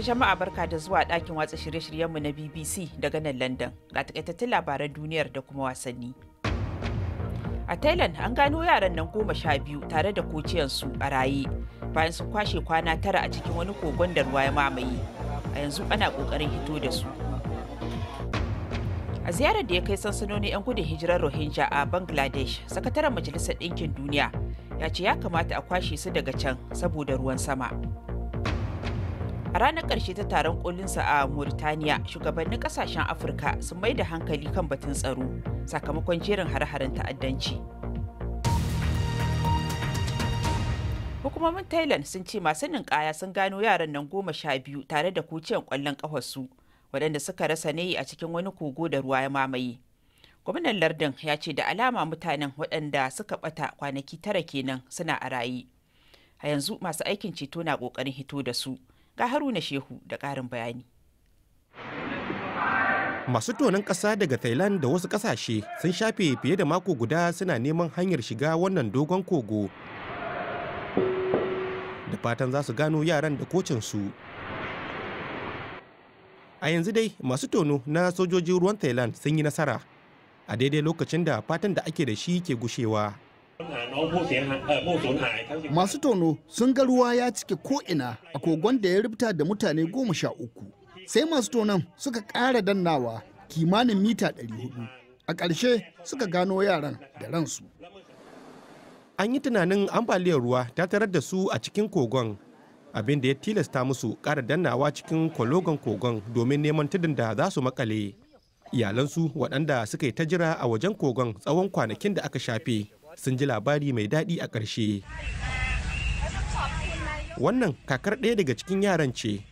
jama'a barka da zuwa ɗakin watsa shirye-shiryenmu na BBC daga nan London ga takaitattun labaran duniyar da kuma wasanni. A Thailand an gano yaran nan goma sha biyu tare da kociyansu a raye. bayan sun kwashe kwana tara a cikin wani kogon da ruwa ya mamaye a yanzu ana kokarin hito da su a ziyarar da ya kai sansanoni 'yan gudun hijirar rohingya a bangladesh sakataren majalisar ɗinkin duniya ya ce ya kamata a kwashe su daga can saboda ruwan sama a ranar ƙarshe ta taron kolinsa a mauritania shugabannin ƙasashen afirka sun mai da hankali kan batun tsaro sakamakon jerin hare-haren ta'addanci Hukumomin Thailand sun ce masu ninkaya sun gano yaran nan goma sha biyu tare da kuciyar kwallon ƙafarsu waɗanda suka rasa ne a cikin wani kogo da ruwa ya mamaye. Gwamnan lardin ya ce da alama mutanen waɗanda suka bata kwanaki tara kenan suna a raye. A yanzu masu aikin ceto na ƙoƙarin hito da su. Ga Haruna Shehu da ƙarin bayani. Masu tonon ƙasa daga Thailand da wasu ƙasashe sun shafe fiye da mako guda suna neman hanyar shiga wannan dogon kogo da fatan za su gano yaran da kocinsu a yanzu dai masu tono na sojojin ruwan thailand sun yi nasara a daidai lokacin da fatan da ake da shi ke gushewa masu tono sun ga ruwa ya cike ko'ina a kogon da ya rubuta da mutane goma sha uku sai masu tonon suka ƙara dannawa kimanin mita 400 a ƙarshe suka gano yaran da ransu an yi tunanin ambaliyar ruwa ta tarar da su a cikin kogon abin da ya tilasta musu ƙara dannawa cikin kologon kogon domin neman tudun da za su makale iyalansu waɗanda suka yi ta jira a wajen kogon tsawon kwanakin da aka shafe sun ji labari mai daɗi a ƙarshe wannan kakar ɗaya daga cikin yaran ce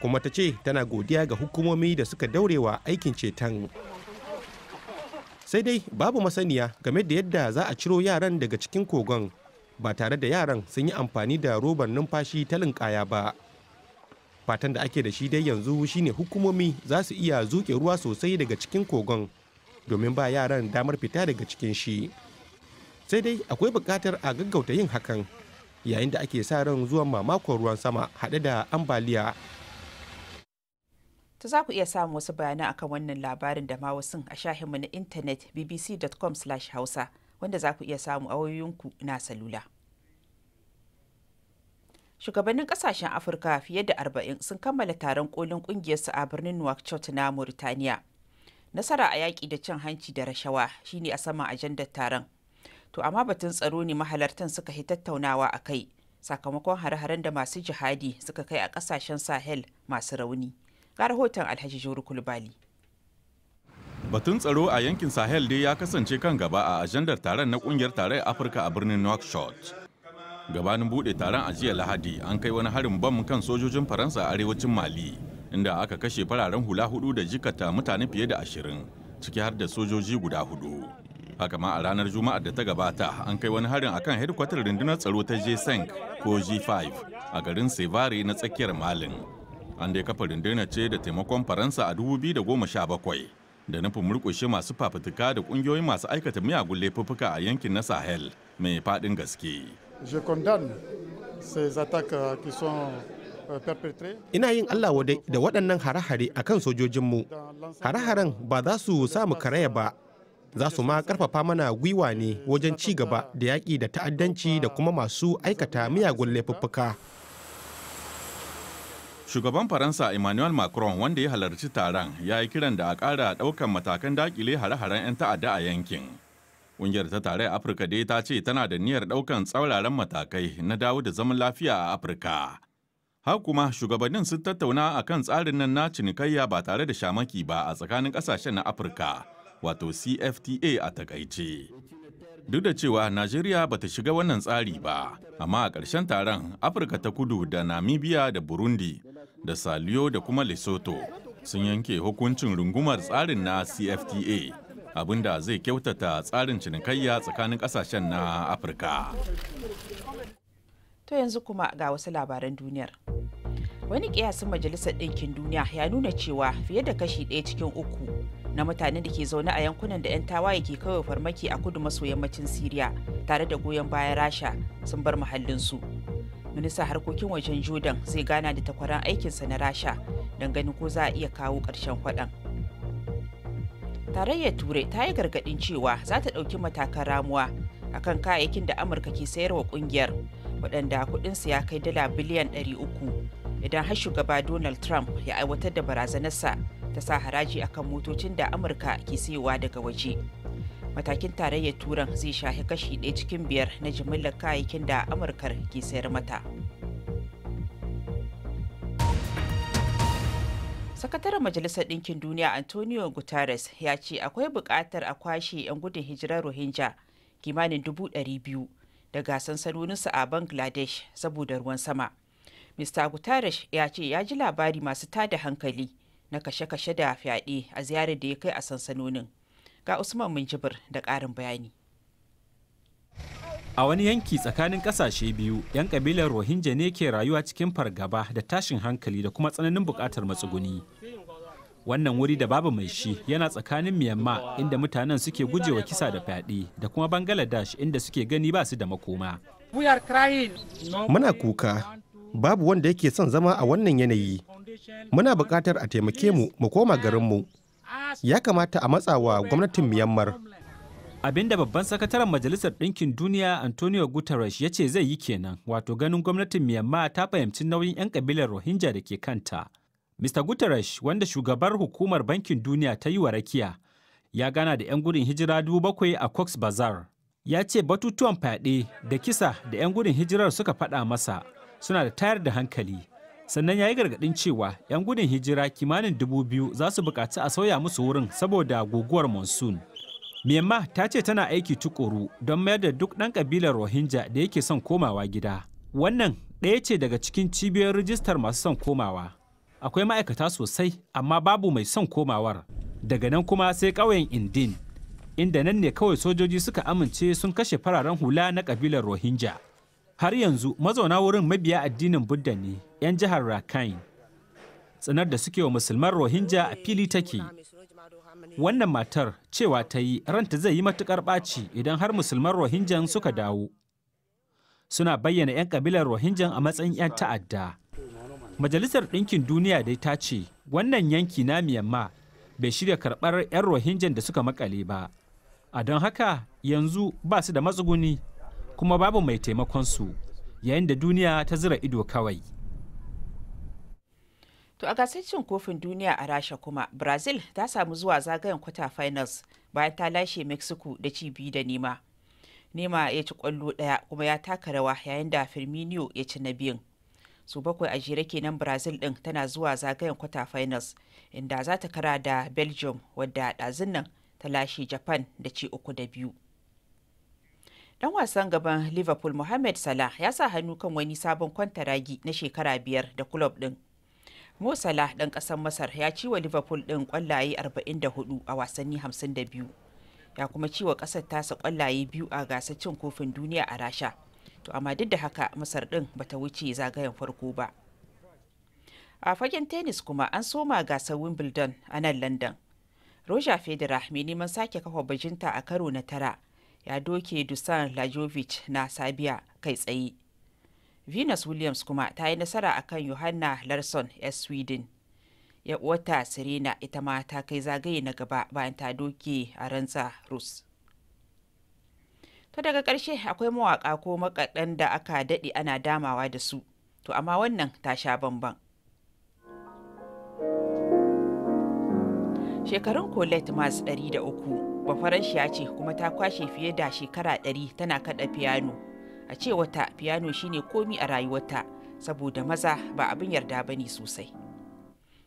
kuma ta ce tana godiya ga hukumomi da suka daurewa aikin ceton sai dai babu masaniya game da yadda za a ciro yaran daga cikin kogon ba tare da yaran sun yi amfani da roban numfashi ta linkaya ba fatan da ake da shi dai yanzu shine hukumomi za su iya zuke ruwa sosai daga cikin kogon domin ba yaran damar fita daga cikin shi sai dai akwai buƙatar a gaggauta yin hakan yayin da ake sa ran zuwan mamakon ruwan sama haɗe da ambaliya ta za ku iya samun wasu bayanan akan wannan labarin da ma wasu a shahinmu na intanet bbc.com hausa wanda za ku iya samu a wayoyinku na salula shugabannin kasashen afirka fiye da arba'in sun kammala taron kolin su a birnin nouakchott na mauritania nasara a yaƙi da cin hanci da rashawa shine a saman ajandar taron to amma batun tsaro ne mahalartan suka yi tattaunawa a kai sakamakon hare-haren da masu jihadi suka kai a kasashen sahel masu rauni ga rahoton alhaji Juri kulbali Batun tsaro a yankin Sahel dai ya kasance kan gaba a ajandar taron na kungiyar tarayyar Afirka a birnin Nouakchott. Gabanin bude taron a jiya Lahadi an kai wani harin bam kan sojojin Faransa a arewacin Mali, inda aka kashe fararen hula hudu da jikata mutane fiye da ashirin, ciki har da sojoji guda hudu. Haka ma a ranar Juma'ar da ta gabata an kai wani harin akan hedkwatar rundunar tsaro ta j ko G5 a garin Sevare na tsakiyar Malin. an dai kafa rundunar ce da taimakon faransa a 2017 da nufin murkushe masu fafutuka da kungiyoyin masu aikata miyagun laifuffuka a yankin na sahel mai faɗin gaske euh, euh, ina yin allah wadai da waɗannan hare-hare a kan sojojinmu hare-haren ba za su samu karaya ba za su ma karfafa mana gwiwa ne wajen ci gaba da yaƙi da ta'addanci da kuma masu aikata miyagun laifuffuka. Shugaban Faransa Emmanuel Macron wanda ya halarci taron ya yi kiran da a ƙara ɗaukan matakan dakile hare-haren 'yan ta'adda a yankin. Ƙungiyar ta tare a Afirka dai ta ce tana da niyyar ɗaukan tsauraran matakai na dawo da zaman lafiya a Afirka. Har kuma shugabannin sun tattauna a kan tsarin nan na cinikayya ba tare da shamaki ba a tsakanin ƙasashen na Afirka, wato CFTA a takaice. Duk da cewa Najeriya ba ta shiga wannan tsari ba, amma a ƙarshen taron Afirka ta kudu da Namibia da Burundi da saliyo da kuma lesotho sun yanke hukuncin rungumar tsarin na cfta abinda zai kyautata tsarin cinikayya tsakanin kasashen na afirka to yanzu kuma ga wasu labaran duniyar wani kiyasin majalisar ɗinkin duniya ya nuna cewa fiye da kashi ɗaya cikin uku na mutanen da ke zaune a yankunan da 'yan tawaye ke kawai farmaki a kudu maso yammacin siriya tare da goyon bayan rasha sun bar muhallinsu su minista harkokin wajen jordan zai gana da takwaran aikinsa na rasha don ganin ko za a iya kawo ƙarshen faɗan tarayyar turai ta yi gargaɗin cewa za ta ɗauki matakan ramuwa a kan kayayyakin da amurka ke sayarwa ƙungiyar waɗanda kuɗinsu ya kai dala biliyan 300 idan har shugaba donald trump ya aiwatar da barazanarsa ta sa haraji akan motocin da amurka ke sayowa daga waje matakin tarayyar turan zai shahi kashi ɗaya cikin biyar na jimillar kayayyakin da amurkar ke sayar mata sakataren majalisar ɗinkin duniya antonio guterres ya ce akwai buƙatar a kwashe 'yan gudun hijirar rohingya kimanin dubu biyu daga sansanoninsu a bangladesh saboda ruwan sama mr guterres ya ce ya ji labari masu tada hankali na kashe-kashe da fyaɗe a ziyarar da ya kai a sansanonin Ga Usman Minjibir da ƙarin bayani. A wani yanki tsakanin ƙasashe biyu, 'yan kabilar Rohingya ne ke rayuwa cikin fargaba da tashin hankali da kuma tsananin bukatar matsuguni. Wannan wuri da babu mai shi yana tsakanin Myanmar inda mutanen suke gujewa kisa da fyaɗe da kuma Bangladesh inda suke gani ba su da makoma. Muna kuka, babu wanda yake son zama a wannan yanayi. Muna buƙatar a taimake mu mu koma garinmu. ya kamata a matsawa gwamnatin Myanmar. Abin da babban sakataren Majalisar Ɗinkin Duniya Antonio Guterres ya ce zai yi kenan, wato ganin gwamnatin Myanmar ta fahimci nauyin 'yan kabilar Rohingya da ke kanta. Mr. Guterres, wanda shugabar hukumar Bankin Duniya ta yi wa rakiya, ya gana da 'yan gudun hijira dubu bakwai a Cox Bazar. Ya ce batutuwan fyaɗe da kisa da 'yan gudun hijirar suka faɗa masa suna da tayar da hankali. sannan ya yi gargaɗin cewa 'yan gudun hijira kimanin dubu biyu za su buƙaci a sauya musu wurin saboda guguwar monsoon myanmar ta ce tana aiki tukuru don mayar da duk ɗan ƙabilar rohingya da yake son komawa gida wannan ɗaya ce daga cikin cibiyar rijistar masu son komawa akwai ma'aikata sosai amma babu mai son komawar daga nan kuma sai ƙauyen indin inda nan ne kawai sojoji suka amince sun kashe fararen hula na ƙabilar rohingya Har yanzu mazauna wurin mabiya addinin Budda ne 'yan jihar Rakhine. tsanar da suke wa musulman Rohingya a fili take. Wannan matar cewa ta yi ranta zai yi matukar ɓaci idan har musulman Rohingyan suka dawo. Suna bayyana 'yan kabilar Rohingyan a matsayin 'yan ta'adda. Majalisar Ɗinkin Duniya dai ta ce wannan yanki na Myanmar bai shirya karɓar 'yan Rohingyan da suka makale ba. A don haka yanzu ba su da matsuguni kuma babu mai taimakon su yayin da duniya ta zira ido kawai to a gasar cin kofin duniya a rasha kuma brazil ta samu zuwa zagayen kwata finals bayan ta lashe mexico da ci biyu da nema nema ya ci kwallo daya kuma ya taka rawa yayin da firmino ya ci na biyun su bakwai a jere kenan brazil din tana zuwa zagayen kwata finals inda za ta kara da belgium wadda dazin nan ta lashe japan da ci uku da biyu Dan wasan gaban Liverpool Mohamed Salah ya sa hannu kan wani sabon kwantaragi na shekara biyar da kulob din. Mo Salah dan ƙasar Masar ya ci wa Liverpool din kwallaye 44 a wasanni 52. Ya kuma ci wa ƙasar tasa kwallaye biyu a gasar cin kofin duniya a Rasha. To amma duk da haka Masar ɗin bata wuce zagayen farko ba. A fagen tennis kuma an soma gasar Wimbledon a nan London. Roger Federer mai neman sake kafa bajinta a karo na tara ya doke dusan lajovic na sabia kai tsaye venus williams kuma ta yi nasara a kan yohanna larson ya sweden ya uwata serena ita ma ta kai zagaye na gaba bayan ta doke a rantsa rus ta daga ƙarshe akwai mawaƙa ko makaɗan da aka daɗe ana damawa da su to amma wannan ta sha bamban shekarun colette mas 300 Bafarashiya ce kuma ta kwashe fiye da shekara ɗari tana kaɗa fiyano. A cewata fiyano shine komi a rayuwarta saboda maza ba abin yarda ba ne sosai.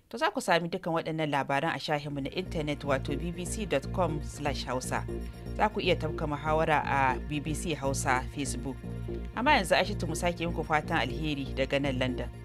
To za ku sami dukan waɗannan labaran a shahinmu na intanet wato bbc.com/hausa. Za ku iya tafka muhawara a BBC Hausa Facebook. Amma yanzu Aishatu mu sake muku fatan alheri daga nan London.